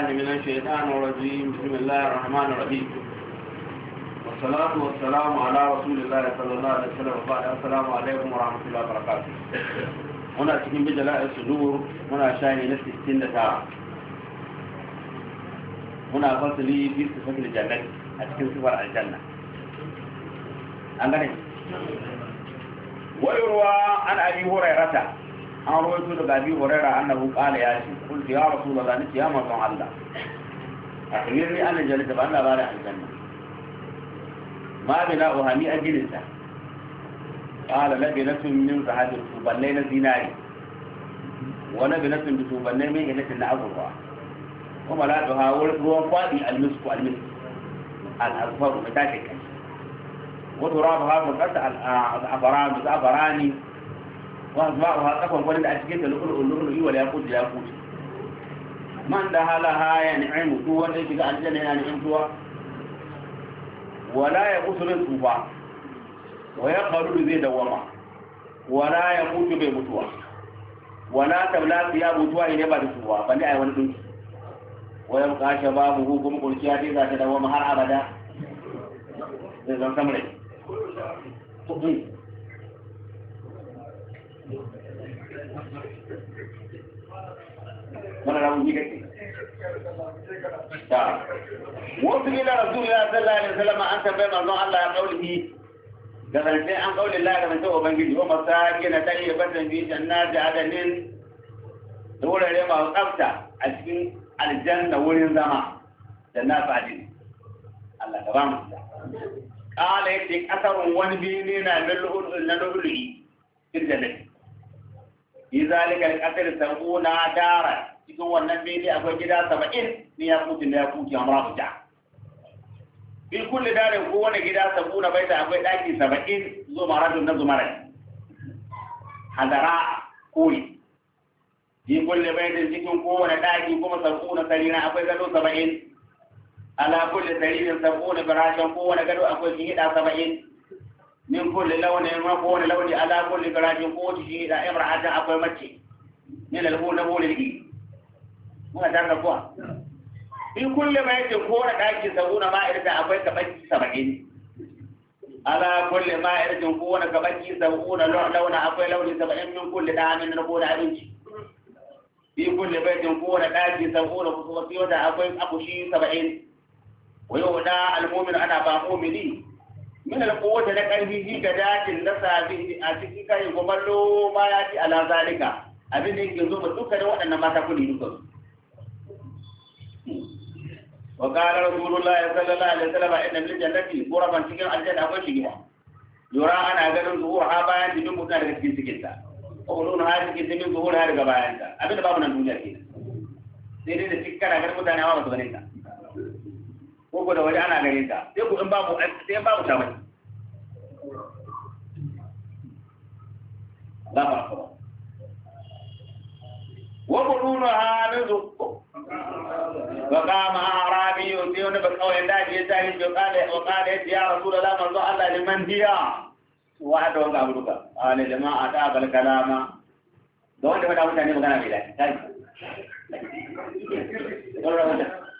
بالله من الشيطان الرجيم بسم الله الرحمن الرحيم والصلاة والسلام على رسول الله صلى الله عليه وسلم وقال السلام عليكم ورحمة الله وبركاته هنا تكين بجلاء الصدور هنا شاهي نفس السنة هنا فصل في صفة الجنة أتكون صفة الجنة أنت ويروى عن أبي هريرة an rawaito daga abi hurairah annahu qala ya shi qultu ya rasulullah nace ya manzon Allah akhbirni an jalisa ba Allah bari aljanna ma bina uhami ajlisa qala labinatun min zahabin tuballe na zinari wa labinatun bi tuballe min ilatin na azurwa wa malatuha ruwan kwadi almisku almisku al-azfar mutashi kai wa turabaha muqatta al-azfarani wa zuwa wa tsakon kwanin da a cikin da lu'ul'ul lu'ul'ul wal yaqut yaqut man da halaha ya ni'imu mutu wanda ya shiga aljanna yana ni'imtuwa wala ya kutu rin tsufa wa ya faru zai dawama wala ya mutu bai mutuwa wala tabla ya mutuwa ne ba da tsufa balle ai wani dinki wa ya kashe babu hukum kurciya dai za ta dawama har abada zai zan samrai wannan rabu ni kake ta wasu ila rasulullah sallallahu alaihi wasallam an tambaye manzon Allah ya kaulihi da zance an kauli Allah da zance ubangiji wa masakina ta iya batan bi jannati adanin da wurare masu tsafta a cikin aljanna wurin zama da na fadi Allah ka ba mu kala yake kasarun wani biyu ne na lullu'ul na lullu'i cikin jannati izalika zalika al-qasr sabuna dara cikin wannan bene akwai gida 70 ne ya kuti ne ya amma ba ta bi kulli darin ko wani gida 70 bai ta akwai daki 70 zo zumaratun na zumarai hadara kuri bi kulli baitin cikin ko kowane daki kuma 70 sarina akwai gado 70 ala kulli sarin 70 barashan kowane gado akwai shi hida 70 min kulli launin ma ko wani launi ala kulli garajin ko wata da imra'atin akwai mace min alhu na bolin ki muna tarda kuwa fi kulli mai ce ko na daki sabuna ma irda akwai kabaki saba'in ala kulli ma irjin ko wani kabaki sabuna launa akwai launi saba'in min kulli da amin na bolin abinci fi kulli baitin ko wani daki sabuna kusurwa fiye da akwai akushi saba'in wa yau da almumin ana ba mumini min alquwwati na karfi ji ga dadin da sabi a cikin kai gwamnati ma ya ci ala zalika abin da yake zo duka da waɗannan mata kudi duka su wa qala rasulullahi sallallahu alaihi wasallam inna lil jannati ghuraban cikin aljanna akwai shigiya yura ana ganin zuwa bayan dinin mutane daga cikin cikin ta ko nuna har cikin dinin zuwa har daga bayan ta abin da babu nan duniya kenan sai dai da cikin kana ganin mutane ba su ganin ta ko da wani ana ganin ta sai ku in ba mu sai ba mu ba wa wa qama arabi ba kawai da ya rasulullah Allah liman hiya wa ana jama'a ta bal kalama da wanda mutane magana bai da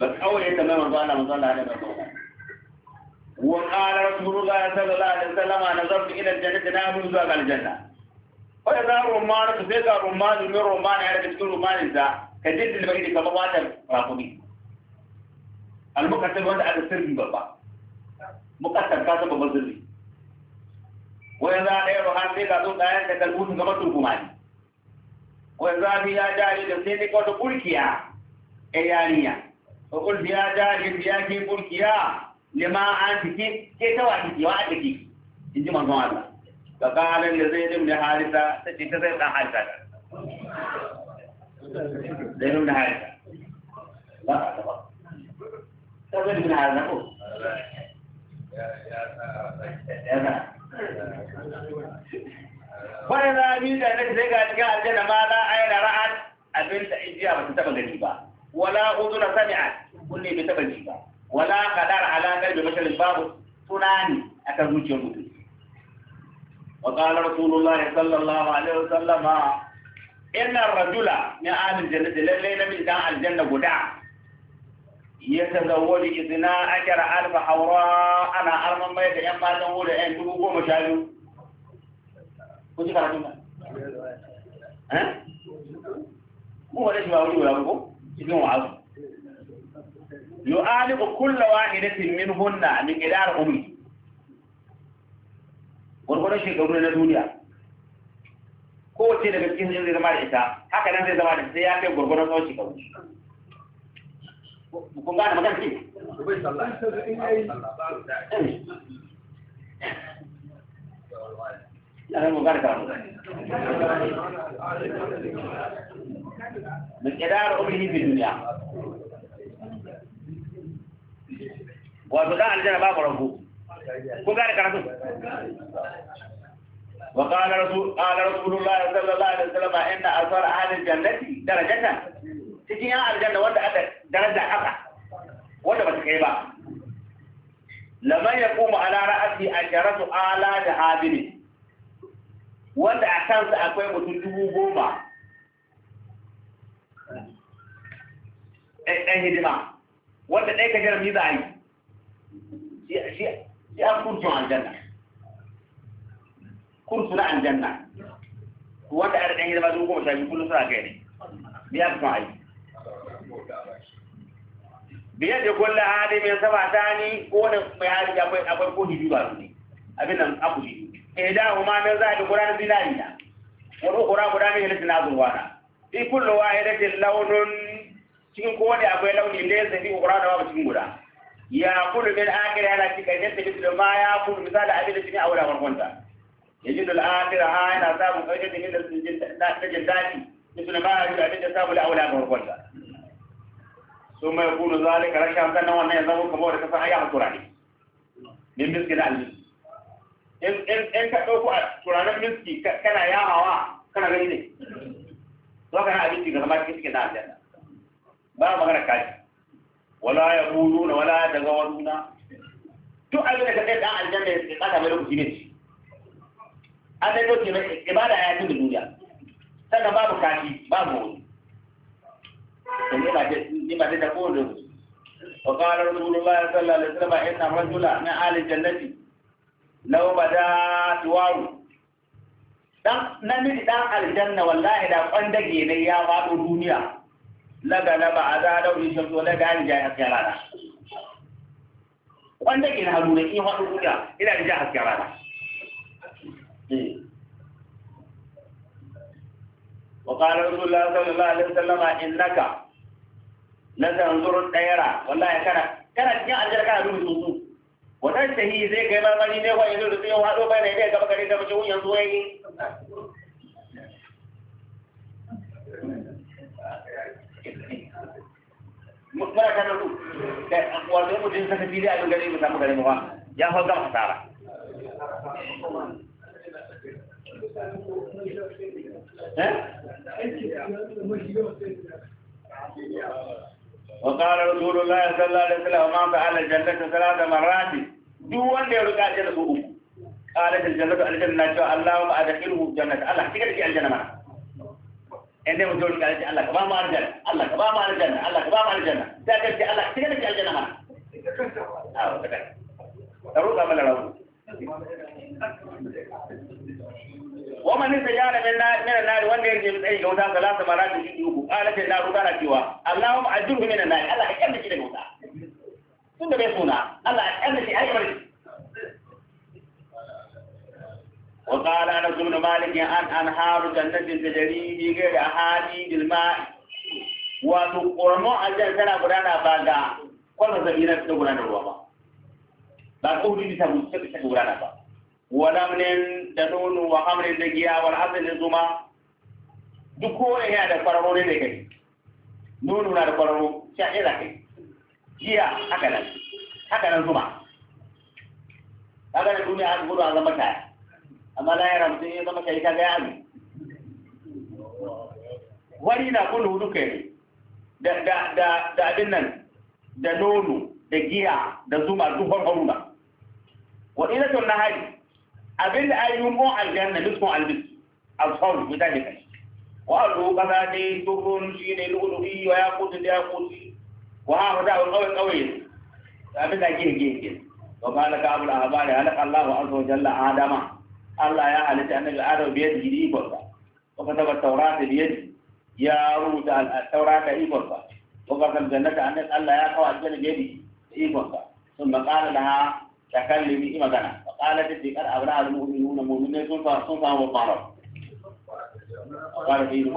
بس أول يتمام إيه مظالة مظالة على وقال رسول الله صلى الله عليه وسلم نظرت إلى الجنة نعم نزاق الجنة وإذا رمان فزيك رمان من رمان يعني بتكون رمان إذا كجد البعيد كما مات رافضي المكتب هذا على السر بابا مكتب كذا ببزري وإذا غير هذا كذا كان تكلمون كما تركمان وإذا بيا جاري لسيدك وتقول كيا إيانيا وقل يا جارب يا كي قلت يا لما أنت كي كي تواتي كي وعد كي إن جمع الله فقال لزيد بن حارثة تجد زيد بن حارثة زيد بن حارثة زيد بن حارثة يا يا وقال رسول الله صلى الله عليه وسلم إن الرجل من أهل الجنة للي من داع الجنة قدع يتزوج إثنى أجر ألف حوراء أنا أرمى ما يتجمع تقول إن تبوكو مشاهدو كنت قرأتنا ها؟ مو هذا شباب ولا بكو؟ إذن وعظم يعالج كل واحدة منهن من قدار أمي gwargwaron shekaru na duniya kowace daga cikin zai zama da ita haka nan zai zama da sai ya kai gwargwaron tsawon shekaru kun gane magana ce Yana mu gane fi duniya. Wato dan aljanna babu rabu. kun gane karatu wa qala rasul qala rasulullah sallallahu alaihi wasallam inna asar ahli jannati darajatan cikin yan aljanna wanda aka daraja haka wanda ba kai ba laman yaqumu ala ra'ati asharatu ala da habiri wanda a kansa akwai mutum dubu goma ɗan hidima wanda ɗaya ka jira mi za a yi ya kurtun aljanna kurtu na aljanna wanda a ɗan yi zama goma sha biyu kullum suna kai ne biya kuma aiki biyar da kullum hali mai saba ta ni ko wani mai hali akwai akwai ko hidu ba su ne abin nan aku hidu ihda eh, huma min zaɗi gudanar zinari na wani kura gudanar yin sinazin wana fi kullum wahidatin launin cikin kowane akwai launi ne zai fi kura da ba cikin guda ya kudu min akira yana ci karshen ta bisu ma ya kudu misali abin da cikin aure farkonta ya ji dul akira ha yana samun karshen ta bisu na jin daɗi bisu ma ya ji abin da samu da aure farkonta su mai kudu zalika rashin hankali na wannan ya zama kamar da kasan ayyaka turare min miski na aljihu in ka ɗauko a turanen miski kana yahawa kana gani ne za kana na abinci ga zama cikin cikin na aljanna ba magana kaji wala ya bulu na wala ya daga wannan to abin da kake da aljanna ya tsaka mai rubuci ne Allah ya yi ibada ya tun da duniya sannan babu kashi babu wani ni ba zai da kowane da wuce wa kawar rasu ruwa ya tsalla da tsalla ba ina rajula na alin jannati na wa bada tuwaru dan namiji dan aljanna wallahi da kwandage ne ya faɗo duniya laga na ba a za a daure shi to laga ni jahar kai rana wanda ke na haru da in haɗu guda ina da jahar kai rana wa kala wasu lalata wa lalata wa sallama in naka na zanzuru ɗayara wallahi kana kana cikin aljihar kana rubin sosu ta shahi zai kai mamari ne wa yanzu da sun yi haɗo bayan da ya gaba gari da mace wuyan zuwa yi mara ta da su wato ya mutum saka fili abin gari mu samu gari mu ba ya hau gama hasara وقال رسول الله صلى الله عليه وسلم وما فعل الجنة ثلاث مرات دو وان يرو قال جنة أم قالت الجنة الجنة اللهم أدخله الجنة الله تكتك الجنة معه inda mu jori gaji Allah ka ba mu aljanna Allah ka ba mu aljanna Allah ka ba mu aljanna sai ka ce Allah kika nake aljanna ma awo kada ka roƙa mana rabu ah, wa man tajara min nar min nar wanda yake mai tsayi ga wuta salatu maratu shi uku ala ta naru kana cewa Allahumma ajirhu min nar Allah ka kanda shi daga wuta tunda bai suna Allah ka kanda shi ayyuka وقال أنا ابن مالك عن أنهار جنة تجري بغير أحادي بالماء وتقرمو أجل سنة قرانا باغا كل زمينة تقرانا الوضع لا تقول لي تقرانا باغا ولمن تنون وخمر الدقيا والعسل الزما دكوه هي ده قرمو لدكي نونو لا قرمو شاعر لكي جيا هكذا هكذا الزما هكذا الدنيا أتقول على مكان amma lahira mutum ya zama kai kaga ya ami wani na kullu duka ne da da da da abin nan da nono da giya da zuma duk haruna wa ila tun nahari abin da ayi mu aljanna biskun albis al-sawl bi dalika wa alu qadani turun shine lulubi wa yaqut da yaquti wa ha da qawi qawi abin da gine gine wa malaka abul ahbari halaka Allahu azza wa jalla adama الله يا علي تعمل العرب بيده يبغى وكتب التوراة بيد يا رود التوراة يبغى وكتب الجنة أن الله يا خوا الجنة بيده يبغى ثم قال لها تكلمي إما كان فقالت الذكر أبناء المؤمنون مؤمنون فصوم فهم وقالوا وقال فيه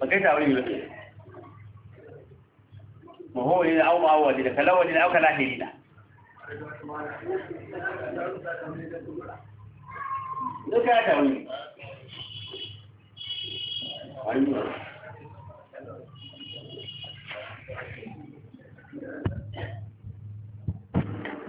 فكيف أريد مهول أو مؤول كالأول أو كالآخرين ذكاء تأويل أيوه